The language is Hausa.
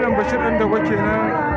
malam bashir ɗan da